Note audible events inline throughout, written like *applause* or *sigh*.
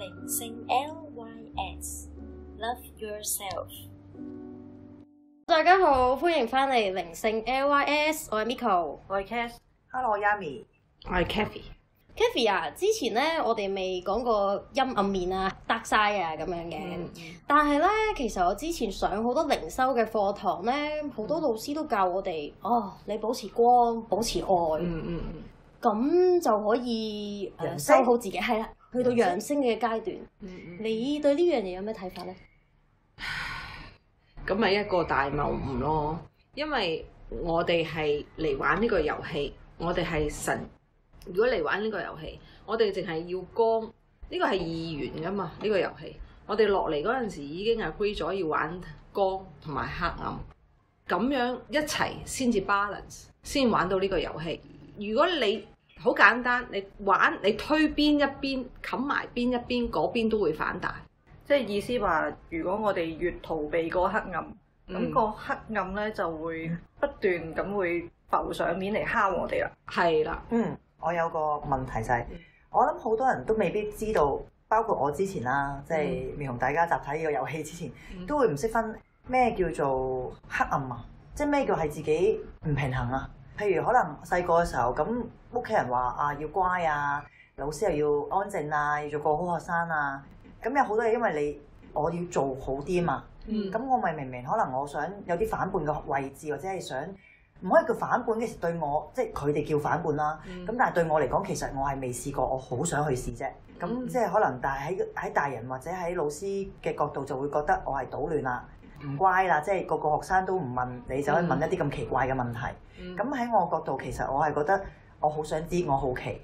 靈性 L Y S，Love Yourself。大家好，歡迎翻嚟靈性 L Y S。我係 Miko，我係 Cash，Hello，Yami，我係 Kathy。Kathy 啊，之前咧我哋未講過陰暗面啊、dark side 啊咁樣嘅，mm hmm. 但係咧其實我之前上好多靈修嘅課堂咧，好多老師都教我哋哦，你保持光，保持愛，嗯嗯嗯，咁、hmm. 就可以誒修生、呃、好自己，係啦。去到陽升嘅階段，嗯、你對呢樣嘢有咩睇法呢？咁咪一個大謬誤咯，因為我哋係嚟玩呢個遊戲，我哋係神。如果嚟玩呢個遊戲，我哋淨係要光，呢、呢個係二元噶嘛？呢、呢個遊戲，我哋落嚟嗰陣時已經係 agree 咗要玩光同埋黑暗，咁樣一齊先至 balance，先玩到呢個遊戲。如果你好簡單，你玩你推邊一邊，冚埋邊一邊，嗰邊都會反彈。即係意思話，如果我哋越逃避嗰黑暗，咁、嗯、個黑暗咧就會不斷咁會浮上面嚟敲我哋啦。係啦，嗯，我有個問題就係，嗯、我諗好多人都未必知道，包括我之前啦，即係、嗯、未同大家集體呢個遊戲之前，嗯、都會唔識分咩叫做黑暗啊，即係咩叫係自己唔平衡啊？譬如可能細個嘅時候，咁屋企人話啊要乖啊，老師又要安靜啊，要做個好學生啊。咁有好多嘢，因為你我要做好啲嘛。咁、嗯、我咪明明可能我想有啲反叛嘅位置，或者係想唔可以叫反叛嘅時對我，即係佢哋叫反叛啦。咁、嗯、但係對我嚟講，其實我係未試過，我好想去試啫。咁即係可能，但係喺喺大人或者喺老師嘅角度就會覺得我係搗亂啦。唔乖啦，即係個個學生都唔問你，就可以問一啲咁奇怪嘅問題。咁喺、嗯、我角度，其實我係覺得我好想知，我好奇。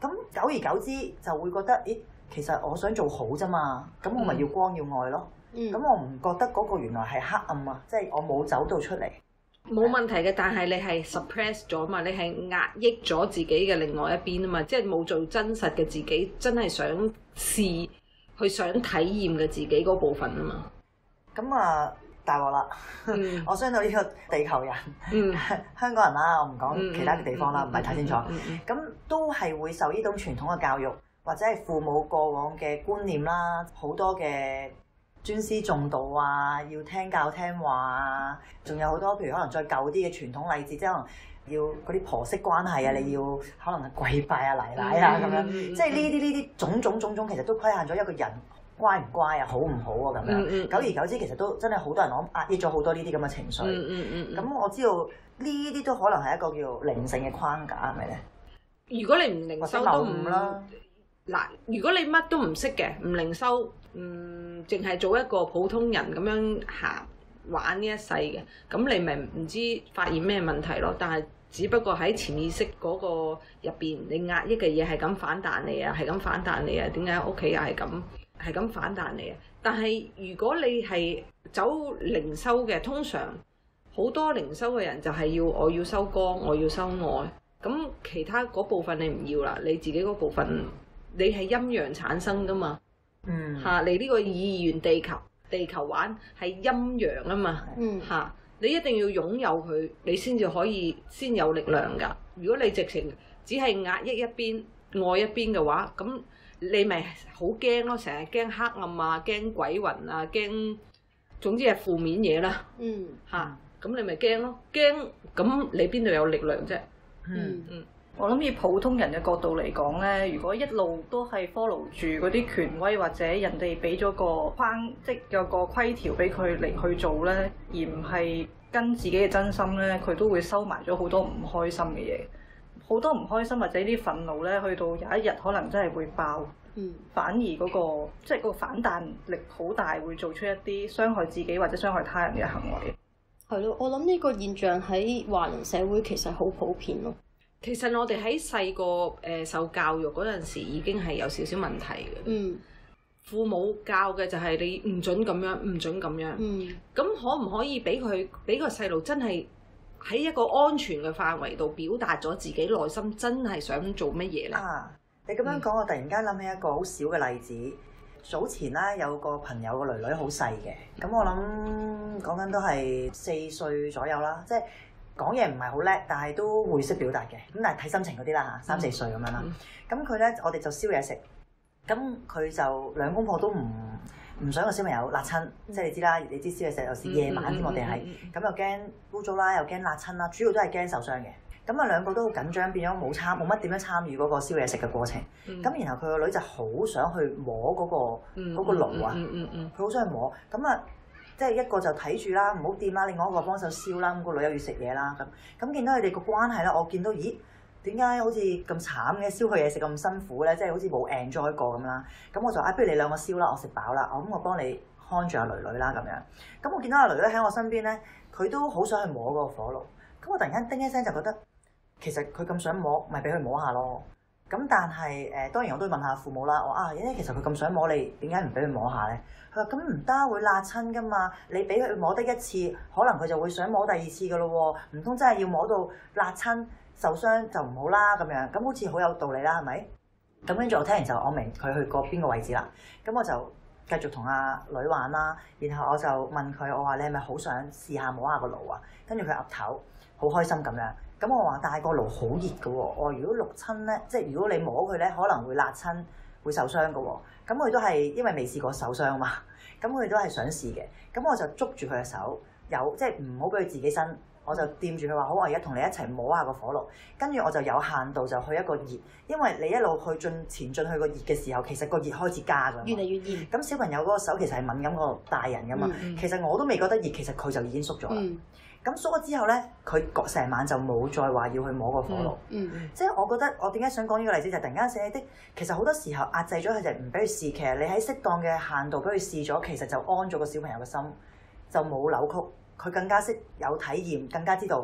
咁久而久之就會覺得，咦，其實我想做好咋嘛？咁我咪要光要愛咯。咁、嗯嗯、我唔覺得嗰個原來係黑暗啊，即、就、係、是、我冇走到出嚟。冇問題嘅，但係你係 suppressed 咗嘛？你係壓抑咗自己嘅另外一邊啊嘛，即係冇做真實嘅自己，真係想試去想體驗嘅自己嗰部分啊嘛。咁啊大鑊啦！我相信呢個地球人、香港人啦，我唔講其他嘅地方啦，唔係太清楚。咁都係會受呢種傳統嘅教育，或者係父母過往嘅觀念啦，好多嘅尊師重道啊，要聽教聽話啊，仲有好多譬如可能再舊啲嘅傳統例子，即係可能要嗰啲婆媳關係啊，你要可能係跪拜啊奶奶啊咁樣，即係呢啲呢啲種種種種，其實都規限咗一個人。乖唔乖啊？好唔好啊？咁樣、嗯嗯、久而久之，其實都真係好多人我壓抑咗好多呢啲咁嘅情緒。咁、嗯嗯嗯、我知道呢啲都可能係一個叫靈性嘅框架，係咪咧？如果你唔靈修都唔啦。嗱，如果你乜都唔識嘅唔靈修，嗯，淨係做一個普通人咁樣行玩呢一世嘅，咁你咪唔知發現咩問題咯？但係只不過喺潛意識嗰個入邊，你壓抑嘅嘢係咁反彈你啊，係咁反彈你啊，點解屋企又係咁？係咁反彈你啊！但係如果你係走靈修嘅，通常好多靈修嘅人就係要我要收光，我要收愛，咁其他嗰部分你唔要啦。你自己嗰部分你係陰陽產生噶嘛？嗯，嚇！你呢個二元地球，地球玩係陰陽啊嘛，嗯，嚇！你一定要擁有佢，你先至可以先有力量噶。如果你直情只係壓抑一邊愛一邊嘅話，咁你咪好驚咯，成日驚黑暗、嗯、啊，驚鬼魂啊，驚總之係負面嘢啦。嗯，嚇，咁你咪驚咯。驚，咁你邊度有力量啫？嗯嗯，嗯我諗以普通人嘅角度嚟講咧，如果一路都係 follow 住嗰啲權威或者人哋俾咗個框，即有個規條俾佢嚟去做咧，而唔係跟自己嘅真心咧，佢都會收埋咗好多唔開心嘅嘢。好多唔開心或者啲憤怒呢，去到有一日可能真係會爆，嗯、反而嗰、嗰個即係嗰個反彈力好大，會做出一啲傷害自己或者傷害他人嘅行為。係咯，我諗呢個現象喺華人社會其實好普遍咯。其實我哋喺細個誒受教育嗰陣時，已經係有少少問題嘅。嗯，父母教嘅就係你唔準咁樣，唔準咁樣。嗯，咁可唔可以俾佢俾個細路真係，喺一個安全嘅範圍度表達咗自己內心真係想做乜嘢咧？啊！你咁樣講，我突然間諗起一個好小嘅例子。早前啦，有個朋友個女女好細嘅，咁我諗講緊都係四歲左右啦，即係講嘢唔係好叻，但係都會識表達嘅。咁但係睇心情嗰啲啦嚇，三四歲咁樣啦。咁佢咧，我哋就燒嘢食，咁佢就兩公婆都唔唔想個小朋友辣親，即係你知啦，你知燒嘢食有時夜晚先，嗯嗯、我哋係咁又驚污糟啦，又驚辣親啦，主要都係驚受傷嘅。咁啊兩個都好緊張，變咗冇參冇乜點樣參與嗰個燒嘢食嘅過程。咁、嗯、然後佢個女就好想去摸嗰、嗰個嗰、嗯、個爐啊，佢好想去摸。咁啊、嗯，即、嗯、係、嗯嗯、一個就睇住啦，唔好掂啦，另外一個幫手燒啦。咁、嗰個女又要食嘢啦。咁咁見到佢哋個關係啦，我見到咦～點解好似咁慘嘅燒佢嘢食咁辛苦咧？即係好似冇 enjoy 過咁啦。咁我就啊，不如你兩個燒啦，我食飽啦。我咁我幫你看住阿囡囡啦咁樣。咁我見到阿囡囡喺我身邊咧，佢都好想去摸嗰個火爐。咁我突然間叮一聲就覺得，其實佢咁想摸，咪俾佢摸下咯。咁但係誒、呃，當然我都會問下父母啦。我啊，因為，其實佢咁想摸你，你點解唔俾佢摸下咧？佢話：咁唔得，會辣親㗎嘛。你俾佢摸得一次，可能佢就會想摸第二次㗎咯喎。唔通真係要摸到辣親？受傷就唔好啦，咁樣咁好似好有道理啦，係咪？咁跟住我聽完就我明佢去過邊個位置啦，咁我就繼續同阿女玩啦。然後我就問佢，我話你係咪好想試下摸下個爐啊？跟住佢岌頭，好開心咁樣。咁我話但係個爐好熱㗎喎，我如果燙親咧，即係如果你摸佢咧，可能會辣親，會受傷㗎喎。咁佢都係因為未試過受傷嘛，咁佢都係想試嘅。咁我就捉住佢嘅手，有即係唔好俾佢自己伸。我就掂住佢話好，我而家同你一齊摸一下個火爐，跟住我就有限度就去一個熱，因為你一路去進前進去個熱嘅時候，其實個熱開始加㗎，越嚟越熱。咁小朋友嗰個手其實係敏感過大人㗎嘛、嗯，其實我都未覺得熱，其實佢就已經縮咗啦。咁縮咗之後咧，佢成晚就冇再話要去摸個火爐。即係、嗯嗯、我覺得，我點解想講呢個例子，就係、是、突然間寫啲，其實好多時候壓制咗佢就唔俾佢試，其實你喺適當嘅限度俾佢試咗，其實就安咗個小朋友嘅心，就冇扭曲。佢更加識有體驗，更加知道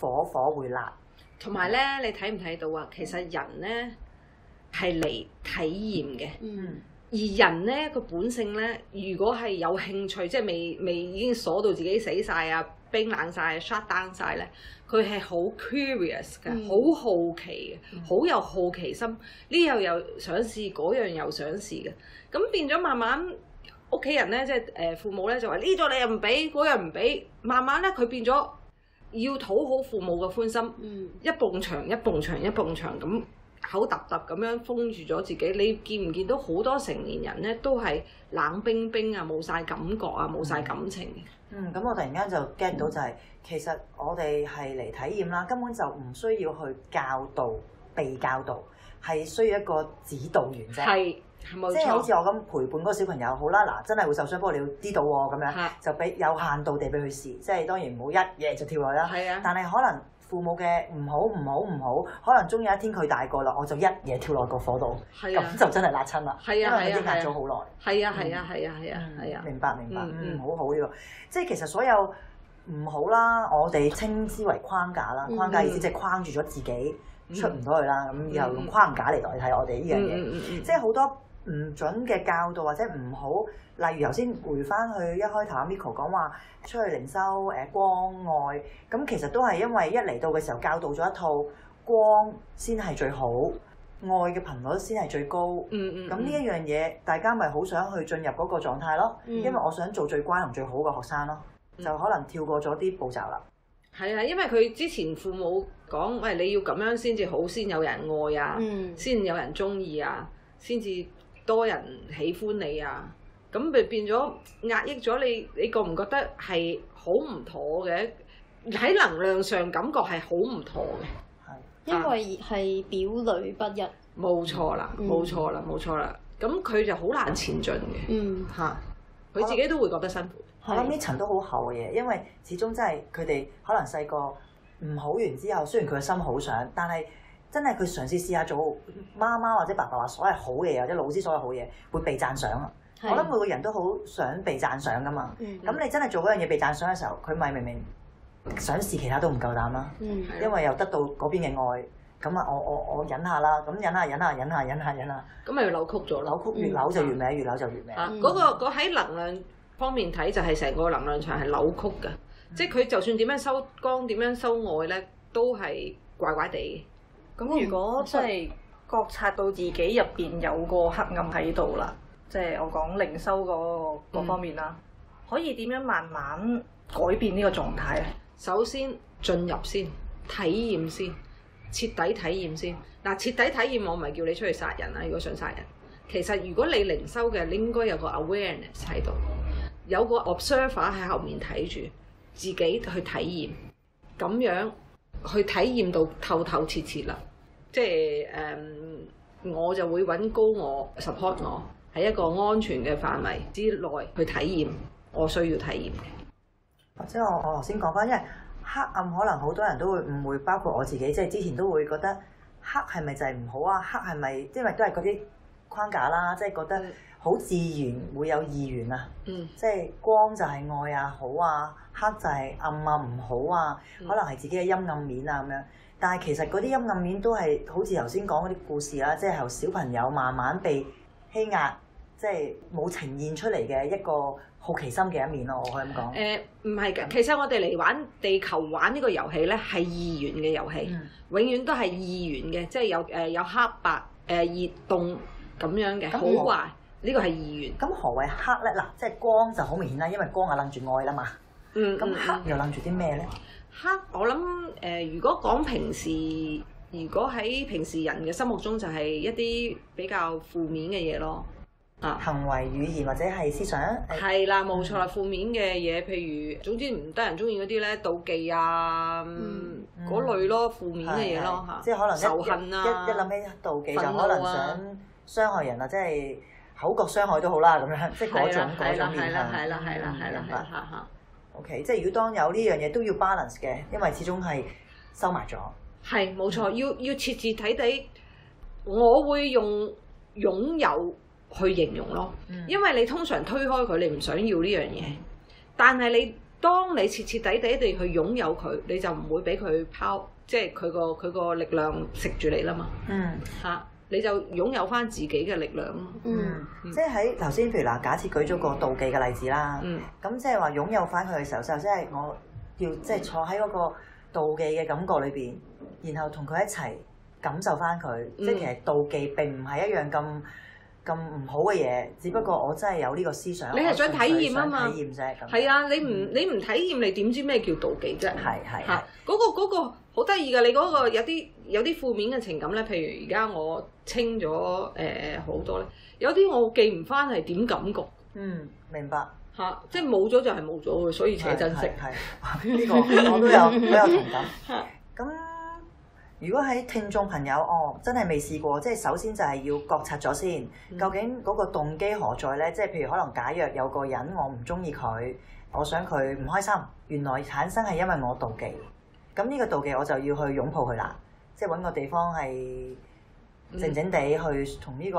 火火會辣。同埋咧，你睇唔睇到啊？其實人咧係嚟體驗嘅。嗯。而人咧個本性咧，如果係有興趣，即係未未已經鎖到自己死晒啊、冰冷晒啊、shut down 晒咧，佢係好 curious 嘅，好、嗯、好奇嘅，好、嗯、有好奇心。呢、嗯、樣又想試，嗰樣又想試嘅，咁變咗慢慢。屋企人咧，即係誒父母咧，就話呢咗你、那個、又唔俾，嗰樣唔俾，慢慢咧佢變咗要討好父母嘅歡心，嗯、一埲牆一埲牆一埲牆咁口揼揼咁樣封住咗自己。你見唔見到好多成年人咧都係冷冰冰啊，冇晒感覺啊，冇晒感情。嗯，咁、嗯、我突然間就 get 到就係、是，嗯、其實我哋係嚟體驗啦，根本就唔需要去教導被教導，係需要一個指導員啫，即係好似我咁陪伴嗰個小朋友，好啦，嗱，真係會受傷，不過你要知道喎，咁樣就俾有限度地俾佢試，即係當然唔好一嘢就跳落啦。係啊，但係可能父母嘅唔好唔好唔好，可能終有一天佢大個啦，我就一嘢跳落個火度，咁就真係辣親啦，因為佢已經壓咗好耐。係啊係啊係啊係啊係啊，明白明白，嗯，好好呢個，即係其實所有。唔好啦，我哋稱之為框架啦，框架意思即係框住咗自己出唔到去啦。咁以後用框架嚟代替我哋呢樣嘢，即係好多唔準嘅教導或者唔好。例如頭先回翻去一開頭阿 Miko 講話出去靈修誒光愛，咁其實都係因為一嚟到嘅時候教導咗一套光先係最好，愛嘅頻率先係最高。咁呢一樣嘢大家咪好想去進入嗰個狀態咯，因為我想做最乖同最好嘅學生咯。就可能跳過咗啲步驟啦。係啊，因為佢之前父母講：喂、哎，你要咁樣先至好，先有人愛啊，先、嗯、有人中意啊，先至多人喜歡你啊。咁咪變咗壓抑咗你？你覺唔覺得係好唔妥嘅？喺能量上感覺係好唔妥嘅。係，嗯、因為係表裏不一。冇錯啦，冇錯啦，冇、嗯、錯啦。咁佢就好難前進嘅。嗯，吓、嗯，佢自己都會覺得辛苦。我諗呢層都好厚嘅嘢，因為始終真係佢哋可能細個唔好完之後，雖然佢嘅心好想，但係真係佢嘗試試下做媽媽或者爸爸話所謂好嘅嘢，或者老師所謂好嘢，會被讚賞啊！我諗每個人都好想被讚賞㗎嘛。咁你真係做嗰樣嘢被讚賞嘅時候，佢咪明明想試其他都唔夠膽啦。因為又得到嗰邊嘅愛，咁啊我我我忍下啦，咁忍下忍下忍下忍下忍下，咁咪要扭曲咗。扭曲越扭就越歪，越扭就越歪。嗰個嗰喺能量方面睇就係、是、成個能量場係扭曲嘅，嗯、即係佢就算點樣收光點樣收外呢，都係怪怪地。咁、嗯、如果真係覺察到自己入邊有個黑暗喺度啦，即係、嗯、我講靈修嗰嗰方面啦，可以點樣慢慢改變呢個狀態咧？首先進入先，體驗先，徹底體驗先。嗱，徹底體驗我唔係叫你出去殺人啦。如果想殺人，其實如果你靈修嘅，你應該有個 awareness 喺度。有個 observer 喺後面睇住，自己去體驗，咁樣去體驗到透透徹徹啦。即係誒，um，我就會揾高我 support 我，喺一個安全嘅範圍之內去體驗，我需要體驗嘅。或者我我頭先講翻，因為黑暗可能好多人都會誤會，包括我自己，即係之前都會覺得黑係咪就係唔好啊？黑係咪因為都係嗰啲框架啦、啊？即係覺得。好自然會有二元啊！嗯、即係光就係愛啊好啊，黑就係暗啊唔好啊，嗯、可能係自己嘅陰暗面啊咁樣。但係其實嗰啲陰暗面都係好似頭先講嗰啲故事啦，即係由小朋友慢慢被欺壓，即係冇呈現出嚟嘅一個好奇心嘅一面咯、啊。我可以咁講。誒唔係嘅，其實我哋嚟玩地球玩呢個遊戲咧，係二元嘅遊戲，嗯、永遠都係二元嘅，即係有誒有黑白誒、呃、熱凍咁樣嘅好壞。嗯呢個係意願。咁何為黑咧？嗱，即係光就好明顯啦，因為光係諗住愛啦嘛。嗯。咁黑又諗住啲咩咧？黑，我諗誒、呃，如果講平時，如果喺平時人嘅心目中就係一啲比較負面嘅嘢咯。啊。行為、語言或者係思想。係啦、嗯，冇錯，負面嘅嘢，譬如總之唔得人中意嗰啲咧，妒忌啊，嗰、嗯嗯、類咯，負面嘅嘢咯嚇。即係可能一仇恨、啊、一諗起妒忌就可能想傷害人啊！即係。口角傷害都好啦，咁樣即係嗰種嗰種面向。係啦，係啦，係啦，係啦，係啦，嚇嚇。O K，即係如果當有呢樣嘢都要 balance 嘅，因為始終係收埋咗。係，冇錯，要要徹徹底底，我會用擁有去形容咯。因為你通常推開佢，你唔想要呢樣嘢，但係你當你徹徹底底地去擁有佢，你就唔會俾佢拋，即係佢個佢個力量食住你啦嘛。嗯。吓。你就擁有翻自己嘅力量咯。嗯，嗯，即係喺頭先，譬如嗱，假設舉咗個妒忌嘅例子啦。嗯。咁即係話擁有翻佢嘅時候，首先係我要即係坐喺嗰個妒忌嘅感覺裏邊，然後同佢一齊感受翻佢。嗯。即係其實妒忌並唔係一樣咁咁唔好嘅嘢，只不過我真係有呢個思想，你係想體驗吖嘛？體驗就係咁。係啊，嗯、你唔你唔體驗，你點知咩叫妒忌啫？係係。嚇！嗰個嗰個好得意㗎，你嗰個有啲有啲負面嘅情感咧，譬如而家我清咗誒、呃、好多咧，有啲我記唔翻係點感覺。嗯，明白。吓、啊，即係冇咗就係冇咗嘅，所以且珍惜。係呢個我都有，我都有同感。嚇、啊！咁、啊。啊啊啊啊啊啊。如果喺聽眾朋友，哦，真係未試過，即係首先就係要覺察咗先，究竟嗰個動機何在呢？即係譬如可能假若有個人，我唔中意佢，我想佢唔開心，原來產生係因為我妒忌，咁呢個妒忌我就要去擁抱佢啦，即係搵個地方係。靜靜地去同呢個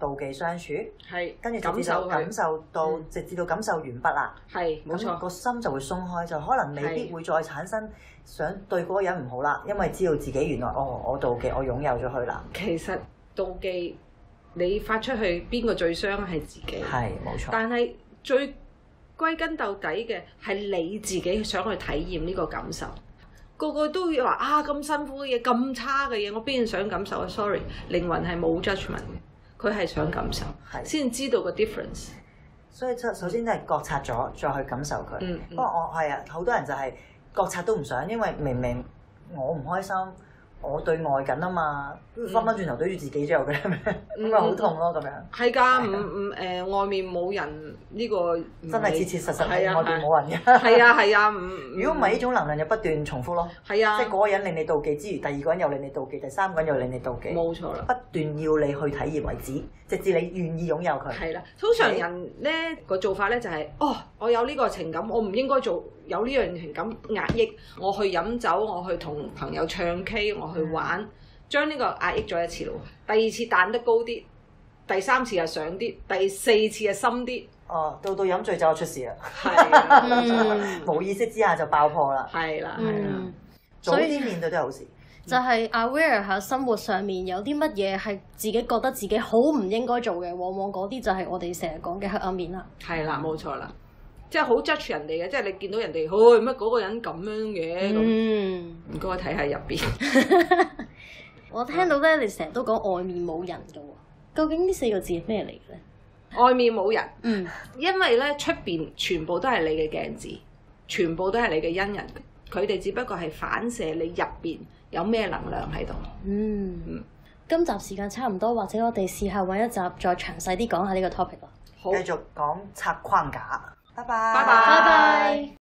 妒忌相處，跟住是感受，感受到，嗯、直至到感受完畢啦。係，冇錯。個心就會鬆開，就可能未必會再產生想對嗰個人唔好啦，是因為知道自己原來哦，我妒忌，我擁有咗佢啦。其實妒忌你發出去，邊個最傷係自己，係冇錯。但係最歸根到底嘅係你自己想去體驗呢個感受。個個都要話啊！咁辛苦嘅嘢，咁差嘅嘢，我邊想感受啊？Sorry，靈魂係冇 judgment 嘅，佢係想感受，先的知道個 difference。所以，首首先真係覺察咗，再去感受佢。嗯嗯、不過我，我係啊，好多人就係覺察都唔想，因為明明我唔開心。我對外緊啊嘛，翻返轉頭對住自己之後嘅咩，咁咪好痛咯咁樣。係㗎，唔唔誒外面冇人呢個，真係切切實實係外面冇人嘅。係啊係啊，如果唔係呢種能量就不斷重複咯，即係嗰個人令你妒忌之餘，第二個人又令你妒忌，第三個人又令你妒忌，冇錯啦，不斷要你去體驗為止，直至你願意擁有佢。係啦，通常人咧個做法咧就係，哦，我有呢個情感，我唔應該做。有呢樣情感壓抑，我去飲酒，我去同朋友唱 K，我去玩，將呢個壓抑咗一次咯。第二次彈得高啲，第三次就上啲，第四次就深啲。哦，到到飲醉酒出事啦，冇意識之下就爆破啦。係啦、啊，所以啲面對都係好事。就係 aware 喺生活上面有啲乜嘢係自己覺得自己好唔應該做嘅，往往嗰啲就係我哋成日講嘅黑暗面啦。係啦、啊，冇錯啦。即係好 judge 人哋嘅，即係你見到人哋，去乜嗰個人咁樣嘅，唔該睇下入邊。看看 *laughs* 我聽到咧，嗯、你成日都講外面冇人㗎喎，究竟呢四個字係咩嚟嘅咧？外面冇人，嗯，因為咧出邊全部都係你嘅鏡子，全部都係你嘅恩人，佢哋只不過係反射你入邊有咩能量喺度。嗯，嗯，今集時間差唔多，或者我哋試下揾一集再詳細啲講下呢個 topic 咯。好繼續講拆框架。拜拜，拜拜。